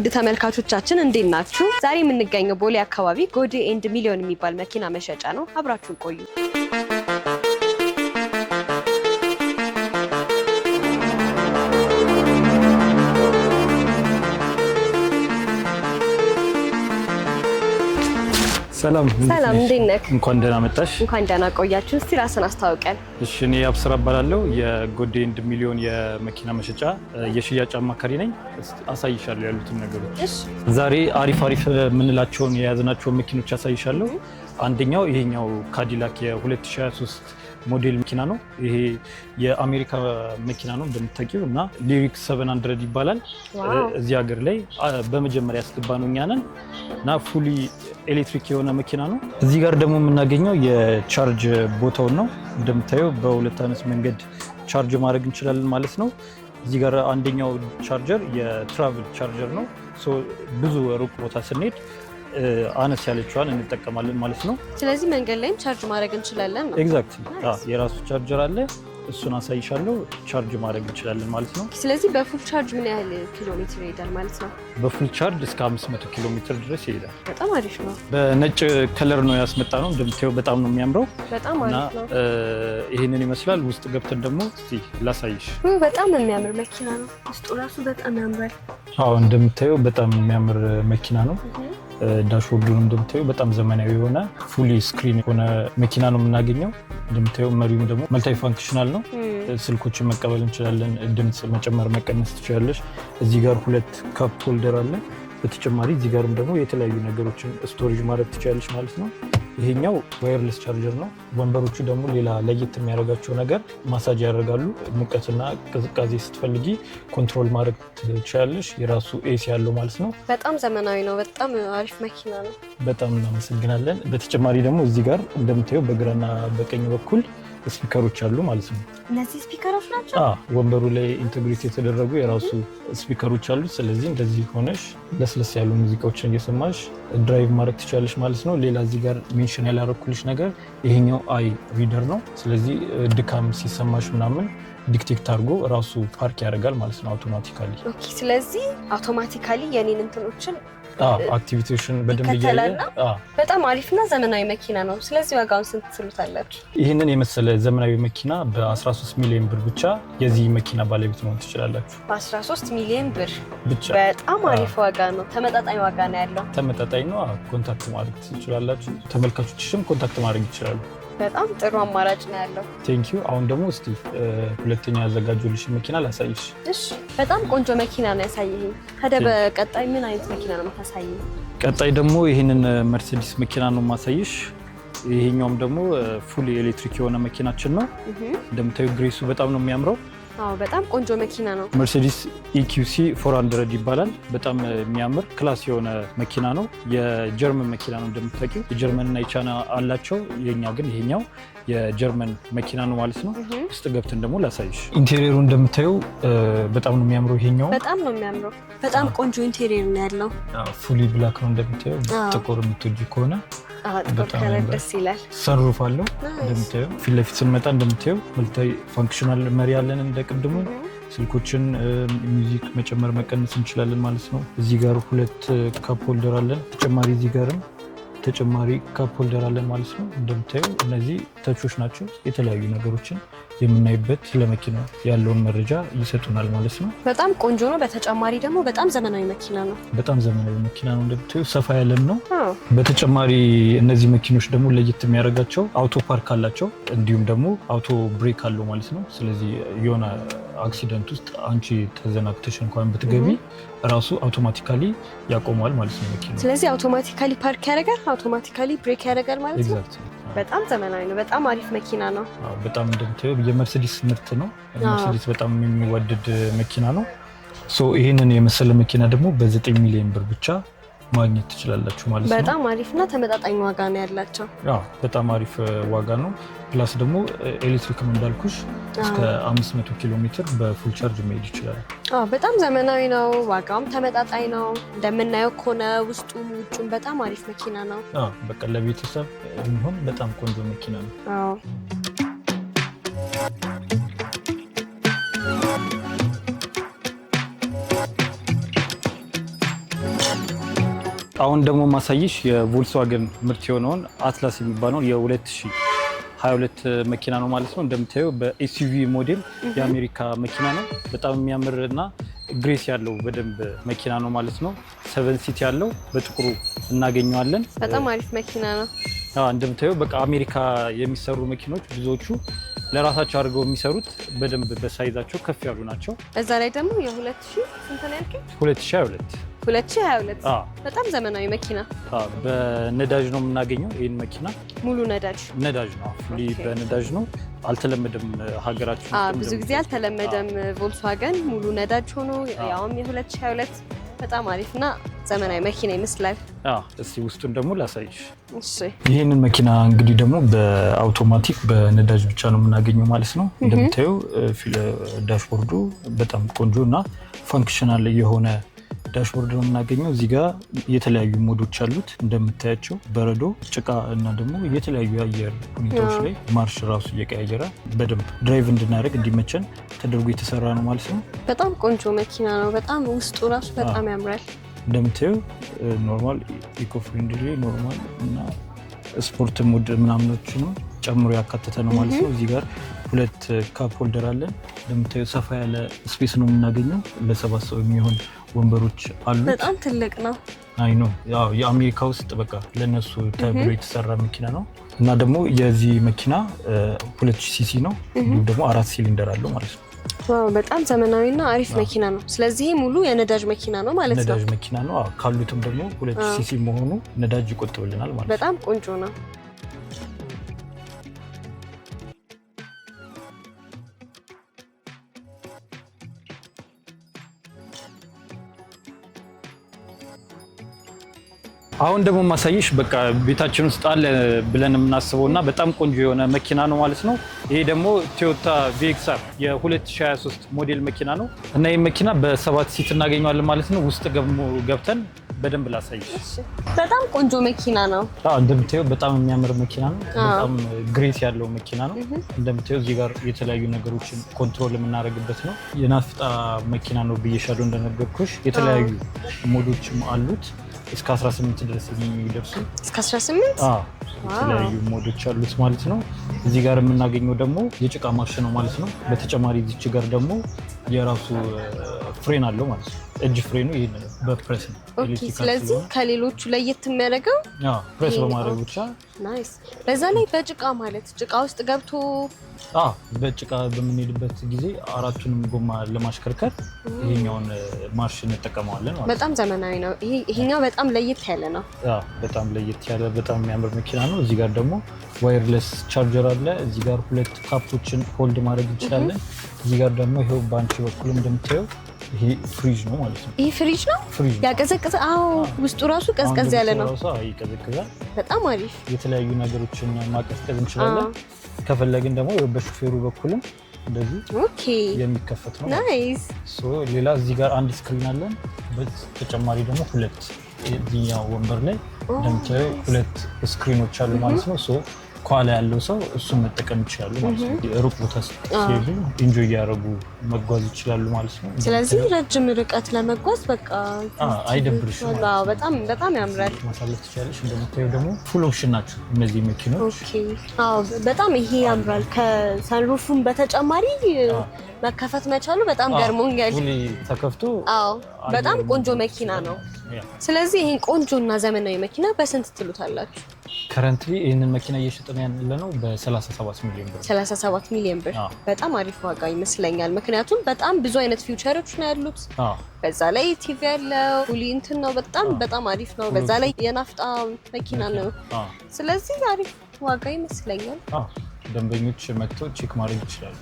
ውድ ተመልካቾቻችን እንዴት ናችሁ? ዛሬ የምንገኘው ቦሌ አካባቢ ጎዴ ኤንድ ሚሊዮን የሚባል መኪና መሸጫ ነው። አብራችሁን ቆዩ። ሰላም ሰላም፣ እንዴት ነህ? እንኳን ደህና መጣሽ። እንኳን ደህና ቆያችሁ። እስቲ ራስን አስተዋውቀን። እሺ፣ እኔ አብስራ እባላለሁ የጎዴ አንድ ሚሊዮን የመኪና መሸጫ የሽያጭ አማካሪ ነኝ። አሳይሻለሁ ያሉትን ነገሮች። ዛሬ አሪፍ አሪፍ የምንላቸውን የያዝናቸውን መኪኖች አሳይሻለሁ። አንደኛው ይሄኛው ካዲላክ የ2023 ሞዴል መኪና ነው። ይሄ የአሜሪካ መኪና ነው እንደምታውቂው፣ እና ሊሪክ 700 ይባላል። እዚህ ሀገር ላይ በመጀመሪያ ያስገባ ነው እኛንን እና ፉሊ ኤሌክትሪክ የሆነ መኪና ነው። እዚህ ጋር ደግሞ የምናገኘው የቻርጅ ቦታውን ነው። እንደምታየው በሁለት አይነት መንገድ ቻርጅ ማድረግ እንችላለን ማለት ነው። እዚህ ጋር አንደኛው ቻርጀር የትራቭል ቻርጀር ነው። ብዙ ሩቅ ቦታ ስንሄድ አነስ ያለችዋን እንጠቀማለን ማለት ነው። ስለዚህ መንገድ ላይም ቻርጅ ማድረግ እንችላለን። ኤግዛክት የራሱ ቻርጀር አለ። እሱን አሳይሻለሁ። ቻርጅ ማድረግ እንችላለን ማለት ነው። ስለዚህ በፉል ቻርጅ ምን ያህል ኪሎ ሜትር ይሄዳል ማለት ነው? በፉል ቻርጅ እስከ 500 ኪሎ ሜትር ድረስ ይሄዳል። በጣም አሪፍ ነው። በነጭ ከለር ነው ያስመጣ ነው። እንደምታየው በጣም ነው የሚያምረው። በጣም አሪፍ ነው። ይህንን ይመስላል። ውስጥ ገብተን ደግሞ ላሳይሽ። በጣም የሚያምር መኪና ነው። ውስጡ ራሱ በጣም ያምራል። አዎ እንደምታየው በጣም የሚያምር መኪና ነው። ዳሽቦርዱን እንደምታዩ በጣም ዘመናዊ የሆነ ፉሊ ስክሪን የሆነ መኪና ነው የምናገኘው። እንደምታየው መሪውም ደግሞ መልታዊ ፋንክሽናል ነው። ስልኮችን መቀበል እንችላለን። ድምፅ መጨመር መቀነስ ትችላለች። እዚህ ጋር ሁለት ካፕ ሆልደር አለ። በተጨማሪ እዚህ ጋርም ደግሞ የተለያዩ ነገሮችን ስቶሬጅ ማድረግ ትችላለች ማለት ነው። ይሄኛው ዋየርለስ ቻርጀር ነው። ወንበሮቹ ደግሞ ሌላ ለየት የሚያደርጋቸው ነገር ማሳጅ ያደርጋሉ። ሙቀትና ቅዝቃዜ ስትፈልጊ ኮንትሮል ማድረግ ትችላለች። የራሱ ኤሲ ያለው ማለት ነው። በጣም ዘመናዊ ነው። በጣም አሪፍ መኪና ነው። በጣም እናመሰግናለን። በተጨማሪ ደግሞ እዚህ ጋር እንደምታየው በግራና በቀኝ በኩል ስፒከሮች አሉ ማለት ነው። እነዚህ ስፒከሮች ናቸው። ወንበሩ ላይ ኢንቴግሬት የተደረጉ የራሱ ስፒከሮች አሉ። ስለዚህ እንደዚህ ሆነሽ ለስለስ ያሉ ሙዚቃዎችን እየሰማሽ ድራይቭ ማድረግ ትችላለች ማለት ነው። ሌላ እዚህ ጋር ሜንሽን ያላረኩልሽ ነገር ይሄኛው አይ ሪደር ነው። ስለዚህ ድካም ሲሰማሽ ምናምን ዲክቴክት አድርጎ ራሱ ፓርክ ያደርጋል ማለት ነው አውቶማቲካሊ። ስለዚህ አውቶማቲካሊ የኔን እንትኖችን አክቲቪቲዎችን በደንብ እያየ በጣም አሪፍና ዘመናዊ መኪና ነው። ስለዚህ ዋጋውን ስንት ትሉታላችሁ? ይህንን የመሰለ ዘመናዊ መኪና በ13 ሚሊዮን ብር ብቻ የዚህ መኪና ባለቤት መሆን ትችላላችሁ። በ13 ሚሊዮን ብር ብቻ በጣም አሪፍ ዋጋ ነው። ተመጣጣኝ ዋጋ ነው ያለው። ተመጣጣኝ ነው። ኮንታክት ማድረግ ትችላላችሁ። ተመልካቾችሽም ኮንታክት ማድረግ ይችላሉ። በጣም ጥሩ አማራጭ ነው ያለው። ቴንኪዩ። አሁን ደግሞ እስቲ ሁለተኛ ያዘጋጁልሽ መኪና ላሳይሽ። እሺ፣ በጣም ቆንጆ መኪና ነው ያሳየኝ። ታዲያ በቀጣይ ምን አይነት መኪና ነው የምታሳየኝ? ቀጣይ ደግሞ ይህንን መርሴዲስ መኪና ነው ማሳይሽ። ይሄኛውም ደግሞ ፉል ኤሌክትሪክ የሆነ መኪናችን ነው። እንደምታዩ ግሬሱ በጣም ነው የሚያምረው። አዎ በጣም ቆንጆ መኪና ነው። መርሴዲስ ፎር e 400 ይባላል። በጣም የሚያምር ክላስ የሆነ መኪና ነው። የጀርመን መኪና ነው እንደምታውቂው። የጀርመንና የቻይና አላቸው። የኛ ግን ይሄኛው የጀርመን መኪና ነው ማለት ነው። ውስጥ ገብተን ደግሞ ላሳይሽ። ኢንቴሪየሩ እንደምታየው በጣም ነው የሚያምረው። ይሄኛው በጣም ነው የሚያምረው። በጣም ቆንጆ ኢንቴሪየር ነው ያለው። ፉሊ ብላክ ነው እንደምታየው። ጥቁር የምትወጂ ከሆነ ጥቁር ሰንሩፍ አለው እንደምታየው። ፊት ለፊት ስንመጣ እንደምታየው መልታይ ፋንክሽናል መሪ አለን እንደ ቅድሙ ስልኮችን ሚውዚክ መጨመር መቀነስ እንችላለን ማለት ነው። እዚህ ጋር ሁለት ካፕ ሆልደር አለን። ተጨማሪ እዚህ ጋርም ተጨማሪ ካፕ ሆልደር አለን ማለት ነው። እንደምታየው እነዚህ ተቾች ናቸው የተለያዩ ነገሮችን የምናይበት ለመኪና ያለውን መረጃ ይሰጡናል ማለት ነው። በጣም ቆንጆ ነው። በተጨማሪ ደግሞ በጣም ዘመናዊ መኪና ነው። በጣም ዘመናዊ መኪና ነው። እንደምታዩ ሰፋ ያለም ነው። በተጨማሪ እነዚህ መኪኖች ደግሞ ለየት የሚያደርጋቸው አውቶ ፓርክ አላቸው፣ እንዲሁም ደግሞ አውቶ ብሬክ አለው ማለት ነው። ስለዚህ የሆነ አክሲደንት ውስጥ አንቺ ተዘናግተሽ እንኳን ብትገቢ ራሱ አውቶማቲካሊ ያቆመዋል ማለት ነው መኪና። ስለዚህ አውቶማቲካሊ ፓርክ ያደርጋል፣ አውቶማቲካሊ ብሬክ ያደርጋል ማለት ነው። በጣም ዘመናዊ ነው። በጣም አሪፍ መኪና ነው። በጣም እንደምታየው የመርሴዲስ ምርት ነው። መርሴዲስ በጣም የሚወደድ መኪና ነው። ይህንን የመሰለ መኪና ደግሞ በዘጠኝ ሚሊዮን ብር ብቻ ማግኘት ትችላላችሁ ማለት ነው። በጣም እና ተመጣጣኝ ዋጋ ነው ያላቸው። በጣም አሪፍ ዋጋ ነው። ፕላስ ደግሞ ኤሌክትሪክ እንዳልኩሽ እስከ 500 ኪሎ ሜትር በፉል ቻርጅ መሄድ ይችላል። በጣም ዘመናዊ ነው። ዋጋውም ተመጣጣኝ ነው። እንደምናየው ከሆነ ውስጡም ውጩም በጣም አሪፍ መኪና ነው። በቃ ለቤተሰብ የሚሆን በጣም ቆንጆ መኪና ነው። አሁን ደግሞ ማሳይሽ የቮልስዋገን ምርት የሆነውን አትላስ የሚባለውን የ2022 መኪና ነው ማለት ነው። እንደምታየው በኤስዩቪ ሞዴል የአሜሪካ መኪና ነው። በጣም የሚያምር እና ግሬስ ያለው በደንብ መኪና ነው ማለት ነው። ሰቨን ሲት ያለው በጥቁሩ እናገኘዋለን። በጣም አሪፍ መኪና ነው። እንደምታየው በቃ አሜሪካ የሚሰሩ መኪኖች ብዙዎቹ ለራሳቸው አድርገው የሚሰሩት በደንብ በሳይዛቸው ከፍ ያሉ ናቸው። እዛ ላይ ደግሞ የ2022 2022 በጣም ዘመናዊ መኪና በነዳጅ ነው የምናገኘው። ይህን መኪና ሙሉ ነዳጅ ነዳጅ ነው በነዳጅ ነው። አልተለመደም ሀገራችን ብዙ ጊዜ አልተለመደም። ቮልስዋገን ሙሉ ነዳጅ ሆኖ ያውም የ2022 በጣም አሪፍና ዘመናዊ መኪና ይመስላል። እስቲ ውስጡን ደግሞ ላሳይሽ። ይህንን መኪና እንግዲህ ደግሞ በአውቶማቲክ በነዳጅ ብቻ ነው የምናገኘው ማለት ነው። እንደምታየው ዳሽቦርዱ በጣም ቆንጆ እና ፋንክሽናል የሆነ ዳሽቦርድ ነው የምናገኘው። እዚህ ጋር የተለያዩ ሞዶች አሉት እንደምታያቸው በረዶ፣ ጭቃ እና ደግሞ የተለያዩ የአየር ሁኔታዎች ላይ ማርሽ ራሱ እየቀያየረ በደንብ ድራይቭ እንድናደርግ እንዲመቸን ተደርጎ የተሰራ ነው ማለት ነው። በጣም ቆንጆ መኪና ነው። በጣም ውስጡ ራሱ በጣም ያምራል። እንደምታየው ኖርማል፣ ኢኮ ፍሬንድሊ፣ ኖርማል እና ስፖርት ሙድ ምናምኖችንም ጨምሮ ያካተተ ነው ማለት ነው እዚህ ጋር ሁለት ካፕ ሆልደር አለን እንደምታዩ ሰፋ ያለ ስፔስ ነው የምናገኘው። ለሰባት ሰው የሚሆን ወንበሮች አሉ። በጣም ትልቅ ነው። አይ ነው የአሜሪካ ውስጥ በቃ ለእነሱ ተብሎ የተሰራ መኪና ነው እና ደግሞ የዚህ መኪና ሁለት ሲሲ ነው እንዲሁም ደግሞ አራት ሲሊንደር አለው ማለት ነው። በጣም ዘመናዊና አሪፍ መኪና ነው። ስለዚህ ሙሉ የነዳጅ መኪና ነው ማለት ነው። ነዳጅ መኪና ነው። ካሉትም ደግሞ ሁለት ሲሲ መሆኑ ነዳጅ ይቆጥብልናል ማለት ነው። በጣም ቆንጆ ነው። አሁን ደግሞ ማሳየሽ በቃ ቤታችን ውስጥ አለ ብለን የምናስበው እና በጣም ቆንጆ የሆነ መኪና ነው ማለት ነው። ይሄ ደግሞ ቶዮታ ቪኤክስአር የ2023 ሞዴል መኪና ነው እና ይህ መኪና በሰባት ሲት እናገኘዋለን ማለት ነው። ውስጥ ገብተን በደንብ ላሳይሽ። በጣም ቆንጆ መኪና ነው። እንደምታየው በጣም የሚያምር መኪና ነው። በጣም ግሬስ ያለው መኪና ነው። እንደምታየው እዚህ ጋር የተለያዩ ነገሮችን ኮንትሮል የምናደርግበት ነው። የናፍጣ መኪና ነው ብዬሻለሁ እንደነገርኩሽ። የተለያዩ ሞዶችም አሉት እስከ 18 ድረስ የሚደርሱ እስከ 18 የተለያዩ ሞዶች አሉት ማለት ነው። እዚህ ጋር የምናገኘው ደግሞ የጭቃ ማሽ ነው ማለት ነው። በተጨማሪ እዚች ጋር ደግሞ የራሱ ፍሬን አለው ማለት ነው። እጅ ፍሬኑ ይህ በፕሬስ ነው። ስለዚህ ከሌሎቹ ለየት የሚያደርገው ፕሬስ በማድረግ ብቻ። ናይስ በዛ ላይ በጭቃ ማለት ጭቃ ውስጥ ገብቶ በጭቃ በምንሄድበት ጊዜ አራቱንም ጎማ ለማሽከርከር ይሄኛውን ማርሽ እንጠቀመዋለን ማለት በጣም ዘመናዊ ነው። ይሄኛው በጣም ለየት ያለ ነው። በጣም ለየት ያለ በጣም የሚያምር መኪና ነው። እዚህ ጋር ደግሞ ዋይርለስ ቻርጀር አለ። እዚህ ጋር ሁለት ካፖችን ሆልድ ማድረግ እንችላለን። እዚህ ጋር ደግሞ ይሄው በአንቺ በኩል እንደምታየው ይሄ ፍሪጅ ነው ማለት ነው። ይሄ ፍሪጅ ነው ያቀዘቀዘ። አዎ ውስጡ ራሱ ቀዝቀዝ ያለ ነው። ይቀዘቅዛል። በጣም አሪፍ። የተለያዩ ነገሮችን ማቀዝቀዝ እንችላለን። ከፈለግን ደግሞ በሹፌሩ በኩልም እንደዚህ የሚከፈት ነው። ናይስ። ሌላ እዚህ ጋር አንድ ስክሪን አለን። በተጨማሪ ደግሞ ሁለት እዚህኛው ወንበር ላይ እንደምታየው ሁለት ስክሪኖች አሉ ማለት ነው። ከኋላ ያለው ሰው እሱን መጠቀም ይችላሉ ማለት ነው። ሩቅ ቦታ ሲሄዱ ኢንጆ እያደረጉ መጓዝ ይችላሉ ማለት ነው። ስለዚህ ረጅም ርቀት ለመጓዝ በቃ አይደብርሽ፣ በጣም በጣም ያምራል። ማሳለፍ ትችላለሽ። እንደምታየው ደግሞ ፉል ኦፕሽን ናቸው እነዚህ መኪኖች። በጣም ይሄ ያምራል። ከሰንሩፉን በተጨማሪ መከፈት መቻሉ በጣም ገርሞኛል። ተከፍቶ በጣም ቆንጆ መኪና ነው። ስለዚህ ይህን ቆንጆ እና ዘመናዊ መኪና በስንት ትሉታላችሁ? ከረንትሊ ይህንን መኪና እየሸጥን ያለ ነው በ37 ሚሊዮን ብር። 37 ሚሊዮን ብር በጣም አሪፍ ዋጋ ይመስለኛል። ምክንያቱም በጣም ብዙ አይነት ፊውቸሮች ነው ያሉት። በዛ ላይ ቲቪ ያለው ሁሊ እንትን ነው። በጣም በጣም አሪፍ ነው። በዛ ላይ የናፍጣ መኪና ነው። ስለዚህ አሪፍ ዋጋ ይመስለኛል። ደንበኞች መጥተው ቼክ ማድረግ ይችላሉ።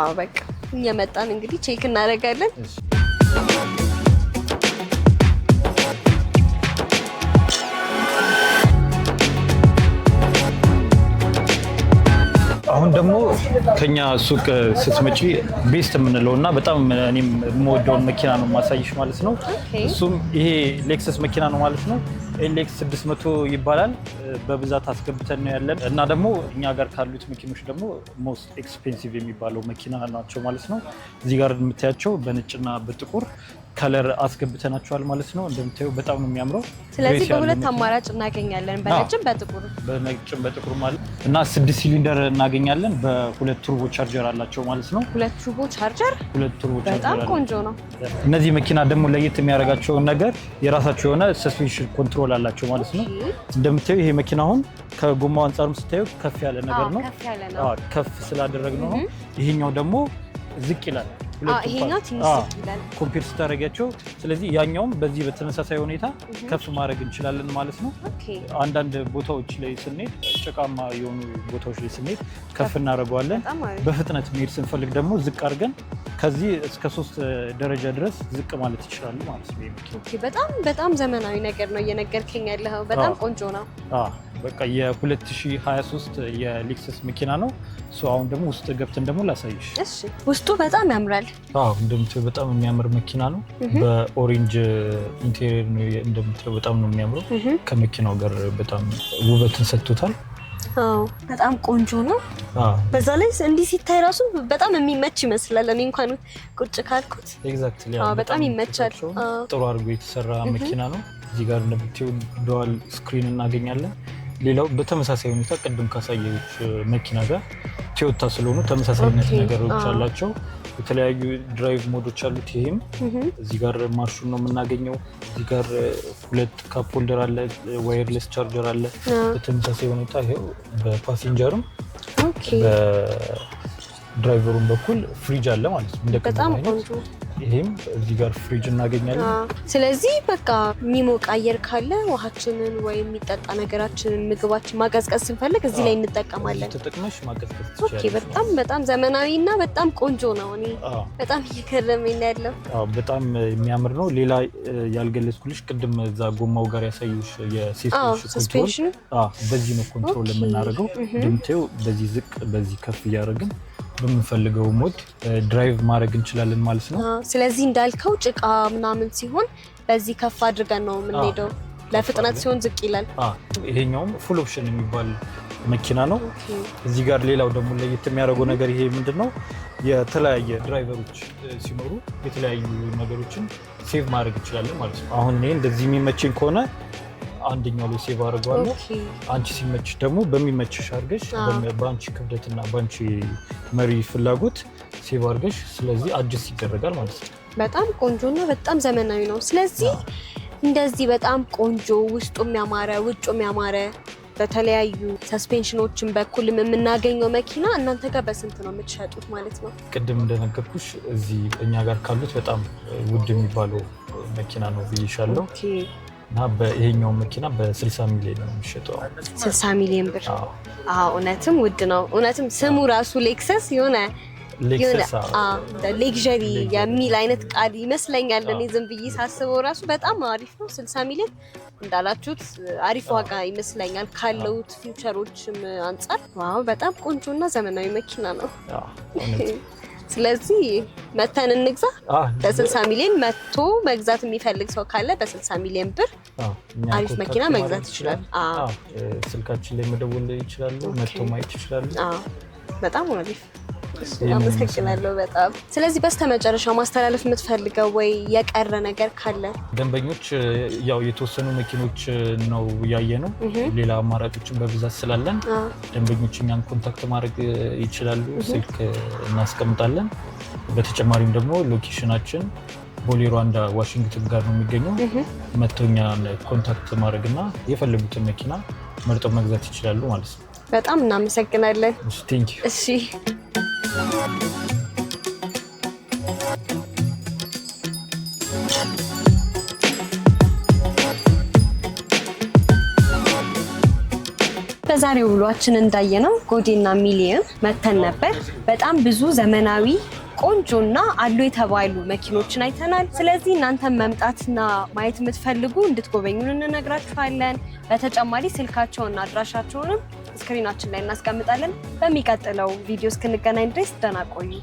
አዎ በቃ እየመጣን እንግዲህ ቼክ እናደርጋለን። አሁን ደግሞ ከኛ ሱቅ ስትመጪ ቤስት የምንለው እና በጣም እኔም የምወደውን መኪና ነው ማሳይሽ ማለት ነው። እሱም ይሄ ሌክሰስ መኪና ነው ማለት ነው። ኤሌክስ 600 ይባላል። በብዛት አስገብተን ነው ያለን እና ደግሞ እኛ ጋር ካሉት መኪኖች ደግሞ ሞስት ኤክስፔንሲቭ የሚባለው መኪና ናቸው ማለት ነው። እዚህ ጋር የምታያቸው በነጭና በጥቁር ከለር አስገብተናቸዋል ማለት ነው። እንደምታዩ በጣም ነው የሚያምረው። ስለዚህ በሁለት አማራጭ እናገኛለን፣ በነጭም በጥቁር በነጭም በጥቁር ማለት እና ስድስት ሲሊንደር እናገኛለን። በሁለት ቱርቦ ቻርጀር አላቸው ማለት ነው። ሁለት ቱርቦ ቻርጀር፣ ሁለት ቱርቦ ቻርጀር በጣም ቆንጆ ነው። እነዚህ መኪና ደግሞ ለየት የሚያደርጋቸውን ነገር የራሳቸው የሆነ ሰስፔንሽን ኮንትሮል አላቸው ማለት ነው። እንደምታዩ ይሄ መኪና አሁን ከጎማው አንጻርም ስታዩ ከፍ ያለ ነገር ነው። ከፍ ስላደረግ ነው። ይሄኛው ደግሞ ዝቅ ይላል። ይሄኛው ትንሽ ኮምፒር ስታደርጊያቸው። ስለዚህ ያኛውም በዚህ በተመሳሳይ ሁኔታ ከፍ ማድረግ እንችላለን ማለት ነው። አንዳንድ ቦታዎች ላይ ስንሄድ፣ ጭቃማ የሆኑ ቦታዎች ላይ ስንሄድ ከፍ እናደርገዋለን። በፍጥነት መሄድ ስንፈልግ ደግሞ ዝቅ አድርገን ከዚህ እስከ ሶስት ደረጃ ድረስ ዝቅ ማለት ይችላሉ ማለት ነው። ኦኬ፣ በጣም በጣም ዘመናዊ ነገር ነው እየነገርከኝ ያለው። በጣም ቆንጆ ነው። በቃ የ2023 የሌክሰስ መኪና ነው። አሁን ደግሞ ውስጥ ገብተን ደግሞ ላሳይሽ። እሺ፣ ውስጡ በጣም ያምራል። አዎ፣ እንደምታየው በጣም የሚያምር መኪና ነው። በኦሬንጅ ኢንቴሪየር ነው እንደምታየው፣ በጣም ነው የሚያምረው። ከመኪናው ጋር በጣም ውበትን ሰጥቶታል። በጣም ቆንጆ ነው። በዛ ላይ እንዲህ ሲታይ ራሱ በጣም የሚመች ይመስላል። እኔ እንኳን ቁጭ ካልኩት በጣም ይመቻል። ጥሩ አድርጎ የተሰራ መኪና ነው። እዚህ ጋር እንደምታዩ ዱዋል ስክሪን እናገኛለን። ሌላው በተመሳሳይ ሁኔታ ቅድም ካሳየች መኪና ጋር ቶዮታ ስለሆኑ ተመሳሳይነት ነገሮች አላቸው። የተለያዩ ድራይቭ ሞዶች አሉት። ይህም እዚህ ጋር ማርሹን ነው የምናገኘው። እዚህ ጋር ሁለት ካፕ ሆልደር አለ፣ ዋየርለስ ቻርጀር አለ። በተመሳሳይ ሁኔታ ይሄው በፓሲንጀርም በድራይቨሩም በኩል ፍሪጅ አለ ማለት ነው። በጣም ቆንጆ ይሄም እዚህ ጋር ፍሪጅ እናገኛለን። ስለዚህ በቃ የሚሞቅ አየር ካለ ውሃችንን ወይም የሚጠጣ ነገራችንን ምግባችን ማቀዝቀዝ ስንፈልግ እዚህ ላይ እንጠቀማለን። ተጠቅመሽ ማቀዝቀዝ በጣም በጣም ዘመናዊ እና በጣም ቆንጆ ነው። እኔ በጣም እየገረመኝ ነው ያለው። በጣም የሚያምር ነው። ሌላ ያልገለጽኩልሽ ቅድም እዛ ጎማው ጋር ያሳዩሽ የሰስፔንሽን በዚህ ነው ኮንትሮል የምናደርገው። ድምቴው በዚህ ዝቅ በዚህ ከፍ እያደረግን በምንፈልገው ሞድ ድራይቭ ማድረግ እንችላለን ማለት ነው። ስለዚህ እንዳልከው ጭቃ ምናምን ሲሆን በዚህ ከፍ አድርገን ነው የምንሄደው፣ ለፍጥነት ሲሆን ዝቅ ይላል። ይሄኛውም ፉል ኦፕሽን የሚባል መኪና ነው። እዚህ ጋር ሌላው ደግሞ ለየት የሚያደርገው ነገር ይሄ ምንድን ነው፣ የተለያየ ድራይቨሮች ሲኖሩ የተለያዩ ነገሮችን ሴቭ ማድረግ እንችላለን ማለት ነው። አሁን ይሄ እንደዚህ የሚመቸኝ ከሆነ አንደኛው ላይ ሴቭ አድርገዋለሁ። አንቺ ሲመችሽ ደግሞ በሚመችሽ አድርገሽ በአንቺ ክብደትና በአንቺ መሪ ፍላጎት ሴቭ አድርገሽ ስለዚህ አድስ ይደረጋል ማለት ነው። በጣም ቆንጆና በጣም ዘመናዊ ነው። ስለዚህ እንደዚህ በጣም ቆንጆ ውስጡም የሚያማረ ውጭ የሚያማረ በተለያዩ ሰስፔንሽኖችን በኩልም የምናገኘው መኪና እናንተ ጋር በስንት ነው የምትሸጡት ማለት ነው? ቅድም እንደነገርኩሽ እዚህ እኛ ጋር ካሉት በጣም ውድ የሚባለው መኪና ነው ብዬሻለሁ። እና በይሄኛው መኪና በ60 ሚሊዮን ነው የሚሸጠው። 60 ሚሊዮን ብር። አዎ እውነትም ውድ ነው። እውነትም ስሙ ራሱ ሌክሰስ የሆነ ሌክዠሪ የሚል አይነት ቃል ይመስለኛል። እኔ ዝም ብዬ ሳስበው ራሱ በጣም አሪፍ ነው። 60 ሚሊዮን እንዳላችሁት አሪፍ ዋጋ ይመስለኛል ካለውት ፊውቸሮችም አንጻር። ዋው በጣም ቆንጆና ዘመናዊ መኪና ነው። ስለዚህ መተን እንግዛ። በ60 ሚሊዮን መቶ መግዛት የሚፈልግ ሰው ካለ በ60 ሚሊዮን ብር አሪፍ መኪና መግዛት ይችላል። ስልካችን ላይ መደወል ይችላሉ፣ መጥቶ ማየት ይችላሉ። በጣም አሪፍ አመሰግናለሁ በጣም ስለዚህ በስተመጨረሻ ማስተላለፍ የምትፈልገው ወይ የቀረ ነገር ካለ ደንበኞች ያው የተወሰኑ መኪኖች ነው ያየ ነው ሌላ አማራጮችን በብዛት ስላለን ደንበኞች እኛን ኮንታክት ማድረግ ይችላሉ ስልክ እናስቀምጣለን በተጨማሪም ደግሞ ሎኬሽናችን ቦሌ ሩዋንዳ ዋሽንግተን ጋር ነው የሚገኘው። መቶኛ ኮንታክት ማድረግ ማድረግና የፈለጉትን መኪና መርጠው መግዛት ይችላሉ ማለት ነው። በጣም እናመሰግናለን። እሺ በዛሬው ውሏችን እንዳየነው ጎዴና ሚሊየም መተን ነበር። በጣም ብዙ ዘመናዊ ቆንጆና አሉ የተባሉ መኪኖችን አይተናል። ስለዚህ እናንተን መምጣትና ማየት የምትፈልጉ እንድትጎበኙን እንነግራችኋለን። በተጨማሪ ስልካቸውና አድራሻቸውንም ስክሪናችን ላይ እናስቀምጣለን። በሚቀጥለው ቪዲዮ እስክንገናኝ ድረስ ደህና ቆዩ።